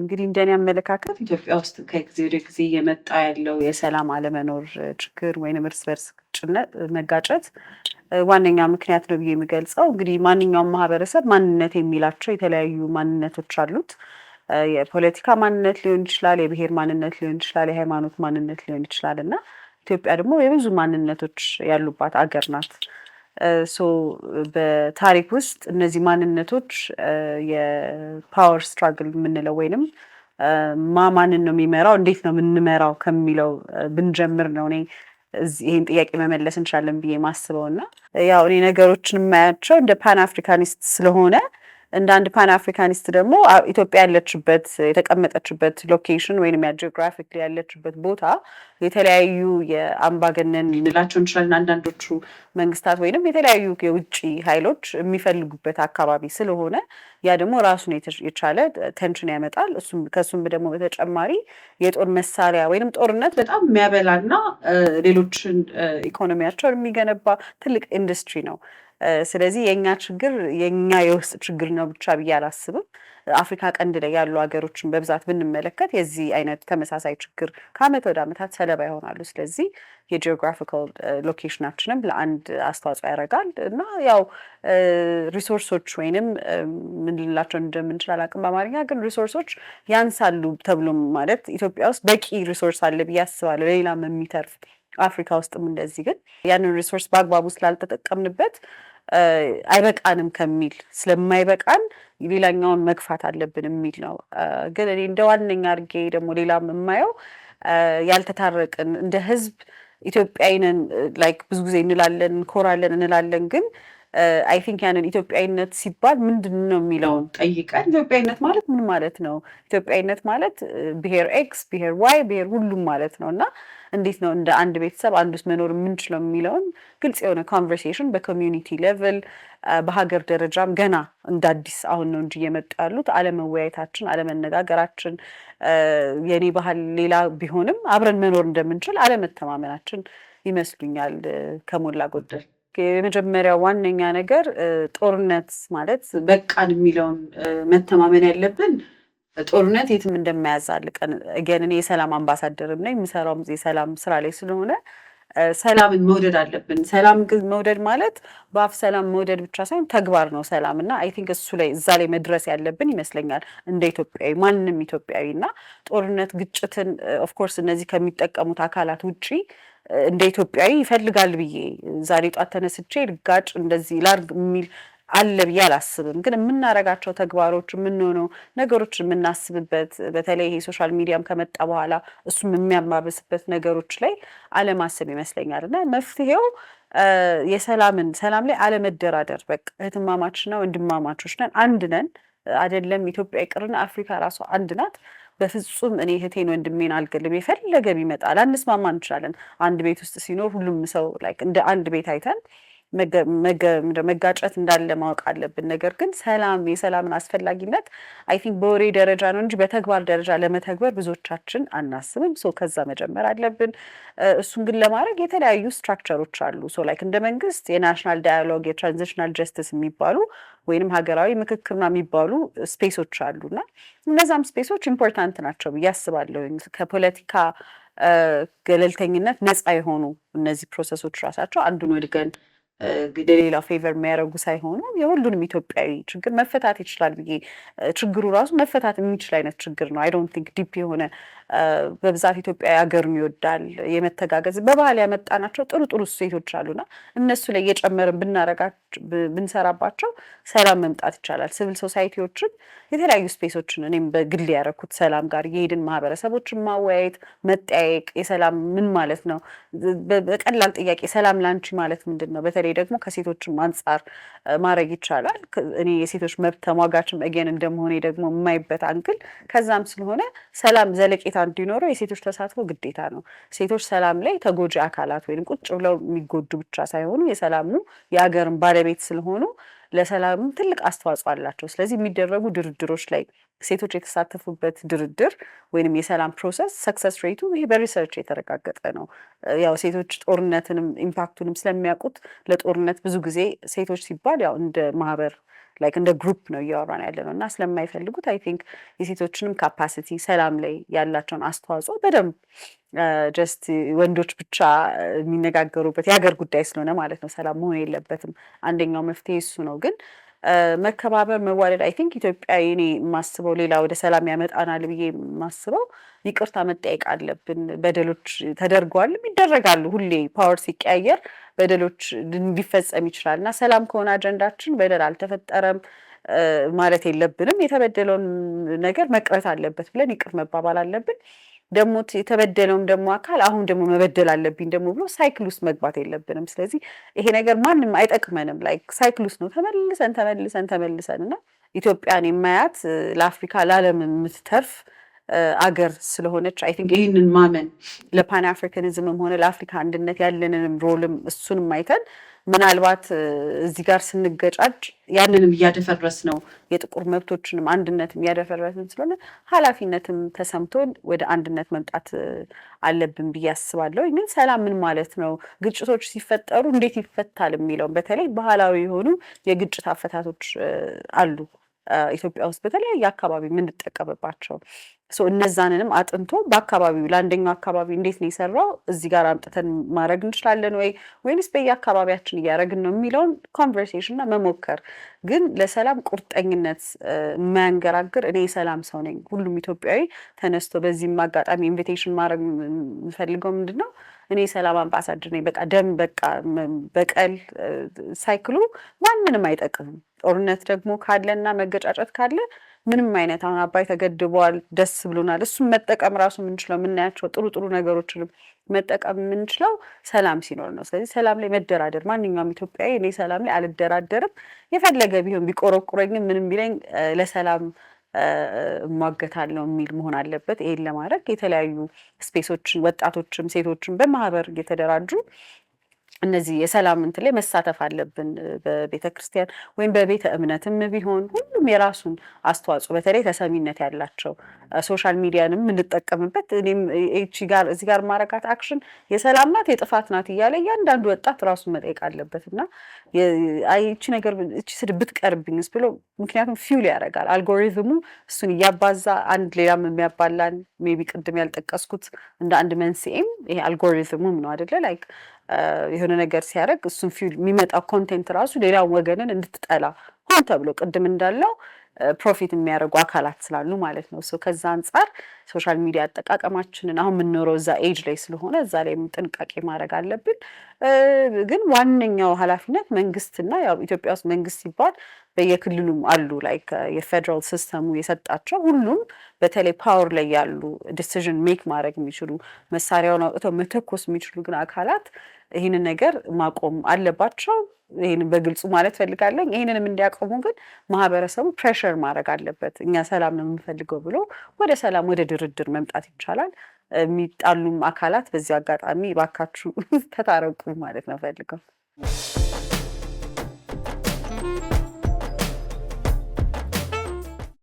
እንግዲህ እንደኔ አመለካከት ኢትዮጵያ ውስጥ ከጊዜ ወደ ጊዜ እየመጣ ያለው የሰላም አለመኖር ችግር ወይም እርስ በርስ መጋጨት ዋነኛ ምክንያት ነው ብዬ የሚገልጸው እንግዲህ ማንኛውም ማህበረሰብ ማንነት የሚላቸው የተለያዩ ማንነቶች አሉት። የፖለቲካ ማንነት ሊሆን ይችላል፣ የብሔር ማንነት ሊሆን ይችላል፣ የሃይማኖት ማንነት ሊሆን ይችላል እና ኢትዮጵያ ደግሞ የብዙ ማንነቶች ያሉባት አገር ናት። በታሪክ ውስጥ እነዚህ ማንነቶች የፓወር ስትራግል የምንለው ወይንም ማ ማንን ነው የሚመራው፣ እንዴት ነው የምንመራው ከሚለው ብንጀምር ነው እኔ ይህን ጥያቄ መመለስ እንችላለን ብዬ ማስበው እና ያው እኔ ነገሮችን የማያቸው እንደ ፓን አፍሪካኒስት ስለሆነ እንደ አንድ ፓን አፍሪካኒስት ደግሞ ኢትዮጵያ ያለችበት የተቀመጠችበት ሎኬሽን ወይም ያ ጂኦግራፊክ ያለችበት ቦታ የተለያዩ የአምባገነን ልንላቸው እንችላለን አንዳንዶቹ መንግስታት ወይንም የተለያዩ የውጭ ኃይሎች የሚፈልጉበት አካባቢ ስለሆነ ያ ደግሞ ራሱን የቻለ ቴንሽን ያመጣል። ከእሱም ደግሞ በተጨማሪ የጦር መሳሪያ ወይንም ጦርነት በጣም የሚያበላና ሌሎችን ኢኮኖሚያቸውን የሚገነባ ትልቅ ኢንዱስትሪ ነው። ስለዚህ የእኛ ችግር የእኛ የውስጥ ችግር ነው ብቻ ብዬ አላስብም። አፍሪካ ቀንድ ላይ ያሉ ሀገሮችን በብዛት ብንመለከት የዚህ አይነት ተመሳሳይ ችግር ከአመት ወደ አመታት ሰለባ ይሆናሉ። ስለዚህ የጂኦግራፊካል ሎኬሽናችንም ለአንድ አስተዋጽኦ ያደርጋል እና ያው ሪሶርሶች ወይንም ምን ልንላቸው እንደምንችል አላውቅም በአማርኛ ግን ሪሶርሶች ያንሳሉ ተብሎም ማለት ኢትዮጵያ ውስጥ በቂ ሪሶርስ አለ ብዬ አስባለሁ ለሌላም የሚተርፍ አፍሪካ ውስጥም እንደዚህ ግን ያንን ሪሶርስ በአግባቡ ስላልተጠቀምንበት አይበቃንም ከሚል ስለማይበቃን ሌላኛውን መግፋት አለብን የሚል ነው። ግን እኔ እንደ ዋነኛ አድርጌ ደግሞ ሌላም የማየው ያልተታረቅን እንደ ህዝብ ኢትዮጵያዊንን ላይክ ብዙ ጊዜ እንላለን፣ እንኮራለን፣ እንላለን ግን አይ ቲንክ ያንን ኢትዮጵያዊነት ሲባል ምንድን ነው የሚለውን ጠይቀን ኢትዮጵያዊነት ማለት ምን ማለት ነው? ኢትዮጵያዊነት ማለት ብሄር ኤክስ፣ ብሔር ዋይ፣ ብሔር ሁሉም ማለት ነው እና እንዴት ነው እንደ አንድ ቤተሰብ አንድ ውስጥ መኖር የምንችለው የሚለውን ግልጽ የሆነ ኮንቨርሴሽን በኮሚዩኒቲ ሌቭል በሀገር ደረጃም ገና እንደ አዲስ አሁን ነው እንጂ እየመጡ ያሉት አለመወያየታችን፣ አለመነጋገራችን የእኔ ባህል ሌላ ቢሆንም አብረን መኖር እንደምንችል አለመተማመናችን ይመስሉኛል ከሞላ ጎደል። የመጀመሪያ ዋነኛ ነገር ጦርነት ማለት በቃን የሚለውን መተማመን ያለብን ጦርነት የትም እንደማያዛልቀን ገን እኔ የሰላም አምባሳደርም ነኝ። የምሰራውም የሰላም ስራ ላይ ስለሆነ ሰላምን መውደድ አለብን። ሰላም መውደድ ማለት በአፍ ሰላም መውደድ ብቻ ሳይሆን ተግባር ነው ሰላም እና አይ ቲንክ እሱ ላይ እዛ ላይ መድረስ ያለብን ይመስለኛል እንደ ኢትዮጵያዊ ማንም ኢትዮጵያዊ እና ጦርነት፣ ግጭትን ኦፍኮርስ እነዚህ ከሚጠቀሙት አካላት ውጪ እንደ ኢትዮጵያዊ ይፈልጋል ብዬ ዛሬ ጧት ተነስቼ ልጋጭ እንደዚህ ላርግ የሚል አለ ብዬ አላስብም። ግን የምናረጋቸው ተግባሮች፣ የምንሆነው ነገሮች የምናስብበት በተለይ ይሄ ሶሻል ሚዲያም ከመጣ በኋላ እሱም የሚያማብስበት ነገሮች ላይ አለማሰብ ይመስለኛል እና መፍትሄው የሰላምን ሰላም ላይ አለመደራደር በቃ እህትማማችና ወንድማማቾች ነን፣ አንድ ነን። አይደለም ኢትዮጵያ ይቅርና አፍሪካ ራሷ አንድ ናት። በፍጹም እኔ እህቴን ወንድሜን አልገልም፣ የፈለገ ቢመጣ ላንስማማ እንችላለን። አንድ ቤት ውስጥ ሲኖር ሁሉም ሰው ላይክ እንደ አንድ ቤት አይተን መጋጨት እንዳለ ማወቅ አለብን። ነገር ግን ሰላም የሰላምን አስፈላጊነት አይ ቲንክ በወሬ ደረጃ ነው እንጂ በተግባር ደረጃ ለመተግበር ብዙዎቻችን አናስብም። ሶ ከዛ መጀመር አለብን። እሱን ግን ለማድረግ የተለያዩ ስትራክቸሮች አሉ። ሶ ላይክ እንደ መንግስት የናሽናል ዳያሎግ የትራንዚሽናል ጀስቲስ የሚባሉ ወይንም ሀገራዊ ምክክርና የሚባሉ ስፔሶች አሉና እነዛም ስፔሶች ኢምፖርታንት ናቸው ብዬ አስባለሁ ከፖለቲካ ገለልተኝነት ነፃ የሆኑ እነዚህ ፕሮሰሶች ራሳቸው አንዱን ወድገን ሌላ ፌቨር የሚያደርጉ ሳይሆኑ የሁሉንም ኢትዮጵያዊ ችግር መፈታት ይችላል ብዬ ችግሩ ራሱ መፈታት የሚችል አይነት ችግር ነው። አይ ዶንት ቲንክ ዲፕ የሆነ በብዛት ኢትዮጵያ ሀገርን ይወዳል የመተጋገዝ በባህል ያመጣናቸው ጥሩ ጥሩ እሴቶች አሉና እነሱ ላይ እየጨመርን ብንሰራባቸው ሰላም መምጣት ይቻላል። ሲቪል ሶሳይቲዎችን የተለያዩ ስፔሶችን እኔም በግል ያደረኩት ሰላም ጋር የሄድን ማህበረሰቦችን ማወያየት፣ መጠያየቅ የሰላም ምን ማለት ነው፣ በቀላል ጥያቄ ሰላም ላንቺ ማለት ምንድን ነው በተለይ ደግሞ ከሴቶችም አንጻር ማድረግ ይቻላል። እኔ የሴቶች መብት ተሟጋችም እገን እንደመሆኔ ደግሞ የማይበት አንግል ከዛም ስለሆነ ሰላም ዘለቄታ እንዲኖረው የሴቶች ተሳትፎ ግዴታ ነው። ሴቶች ሰላም ላይ ተጎጂ አካላት ወይም ቁጭ ብለው የሚጎዱ ብቻ ሳይሆኑ የሰላሙ የሀገርን ባለቤት ስለሆኑ ለሰላም ትልቅ አስተዋጽኦ አላቸው። ስለዚህ የሚደረጉ ድርድሮች ላይ ሴቶች የተሳተፉበት ድርድር ወይንም የሰላም ፕሮሰስ ሰክሰስ ሬቱ ይሄ በሪሰርች የተረጋገጠ ነው። ያው ሴቶች ጦርነትንም ኢምፓክቱንም ስለሚያውቁት ለጦርነት ብዙ ጊዜ ሴቶች ሲባል ያው እንደ ማህበር ላይክ እንደ ግሩፕ ነው እያወራን ያለ ነው እና ስለማይፈልጉት አይ ቲንክ የሴቶችንም ካፓሲቲ ሰላም ላይ ያላቸውን አስተዋጽኦ በደንብ ጀስት uh, ወንዶች ብቻ የሚነጋገሩበት የሀገር ጉዳይ ስለሆነ ማለት ነው ሰላም መሆን የለበትም። አንደኛው መፍትሄ እሱ ነው ግን መከባበር፣ መዋደድ አይ ቲንክ ኢትዮጵያ እኔ የማስበው ሌላ ወደ ሰላም ያመጣናል ብዬ የማስበው ይቅርታ መጠየቅ አለብን። በደሎች ተደርገዋል፣ ይደረጋሉ። ሁሌ ፓወር ሲቀያየር በደሎች ሊፈጸም ይችላል እና ሰላም ከሆነ አጀንዳችን በደል አልተፈጠረም ማለት የለብንም። የተበደለውን ነገር መቅረት አለበት ብለን ይቅር መባባል አለብን። ደግሞ የተበደለውም ደግሞ አካል አሁን ደግሞ መበደል አለብኝ ደግሞ ብሎ ሳይክል ውስጥ መግባት የለብንም። ስለዚህ ይሄ ነገር ማንም አይጠቅመንም። ላይክ ሳይክል ውስጥ ነው ተመልሰን ተመልሰን ተመልሰን እና ኢትዮጵያን የማያት ለአፍሪካ ለዓለም የምትተርፍ አገር ስለሆነች አይ ቲንክ ይህንን ማመን ለፓን አፍሪካኒዝምም ሆነ ለአፍሪካ አንድነት ያለንንም ሮልም እሱንም አይተን ምናልባት እዚህ ጋር ስንገጫጭ ያንንም እያደፈረስ ነው የጥቁር መብቶችንም አንድነት እያደፈረስን ስለሆነ ኃላፊነትም ተሰምቶን ወደ አንድነት መምጣት አለብን ብዬ አስባለሁ። ግን ሰላም ምን ማለት ነው? ግጭቶች ሲፈጠሩ እንዴት ይፈታል የሚለውም በተለይ ባህላዊ የሆኑ የግጭት አፈታቶች አሉ ኢትዮጵያ ውስጥ በተለያየ አካባቢ የምንጠቀምባቸው እነዛንንም አጥንቶ በአካባቢው ለአንደኛው አካባቢ እንዴት ነው የሰራው፣ እዚህ ጋር አምጥተን ማድረግ እንችላለን ወይ ወይንስ በየአካባቢያችን እያደረግን ነው የሚለውን ኮንቨርሴሽን እና መሞከር። ግን ለሰላም ቁርጠኝነት የማያንገራግር እኔ የሰላም ሰው ነኝ። ሁሉም ኢትዮጵያዊ ተነስቶ በዚህም አጋጣሚ ኢንቪቴሽን ማድረግ የምፈልገው ምንድን ነው እኔ የሰላም አምባሳደር ነኝ። በቃ ደም፣ በቃ በቀል ሳይክሉ ማንንም አይጠቅምም። ጦርነት ደግሞ ካለና መገጫጨት ካለ ምንም አይነት አሁን አባይ ተገድበዋል፣ ደስ ብሎናል። እሱም መጠቀም ራሱ የምንችለው የምናያቸው ጥሩ ጥሩ ነገሮችንም መጠቀም የምንችለው ሰላም ሲኖር ነው። ስለዚህ ሰላም ላይ መደራደር ማንኛውም ኢትዮጵያዊ እኔ ሰላም ላይ አልደራደርም፣ የፈለገ ቢሆን ቢቆረቁረኝም ምንም ቢለኝ ለሰላም እሟገታለሁ የሚል መሆን አለበት። ይሄን ለማድረግ የተለያዩ ስፔሶችን ወጣቶችም ሴቶችም በማህበር እየተደራጁ እነዚህ የሰላም እንትን ላይ መሳተፍ አለብን። በቤተ ክርስቲያን ወይም በቤተ እምነትም ቢሆን ሁሉም የራሱን አስተዋጽኦ በተለይ ተሰሚነት ያላቸው ሶሻል ሚዲያንም የምንጠቀምበት እኔም ጋር እዚህ ጋር ማረጋት አክሽን የሰላም ናት የጥፋት ናት እያለ እያንዳንዱ ወጣት ራሱን መጠየቅ አለበት እና ይቺ ነገር እቺ ስድብ ብትቀርብኝስ ብሎ ምክንያቱም ፊውል ያደርጋል አልጎሪዝሙ እሱን እያባዛ አንድ ሌላም የሚያባላን ሜይ ቢ ቅድም ያልጠቀስኩት እንደ አንድ መንስኤም ይሄ አልጎሪዝሙም ነው አደለ ላይክ የሆነ ነገር ሲያደርግ እሱን ፊል የሚመጣው ኮንቴንት ራሱ ሌላ ወገንን እንድትጠላ ሆን ተብሎ ቅድም እንዳለው ፕሮፊት የሚያደርጉ አካላት ስላሉ ማለት ነው። ከዛ አንጻር ሶሻል ሚዲያ አጠቃቀማችንን አሁን የምንኖረው እዛ ኤጅ ላይ ስለሆነ እዛ ላይ ጥንቃቄ ማድረግ አለብን። ግን ዋነኛው ኃላፊነት መንግስትና ያው ኢትዮጵያ ውስጥ መንግስት ሲባል በየክልሉም አሉ ላይክ uh, የፌዴራል ሲስተሙ የሰጣቸው ሁሉም በተለይ ፓወር ላይ ያሉ ዲሲዥን ሜክ ማድረግ የሚችሉ መሳሪያውን አውጥተው መተኮስ የሚችሉ ግን አካላት ይህንን ነገር ማቆም አለባቸው። ይህንን በግልጹ ማለት ፈልጋለኝ። ይህንንም እንዲያቆሙ ግን ማህበረሰቡ ፕሬሸር ማድረግ አለበት። እኛ ሰላም ነው የምንፈልገው ብሎ ወደ ሰላም ወደ ድርድር መምጣት ይቻላል። የሚጣሉም አካላት በዚህ አጋጣሚ ባካችሁ ተታረቁ ማለት ነው ፈልገው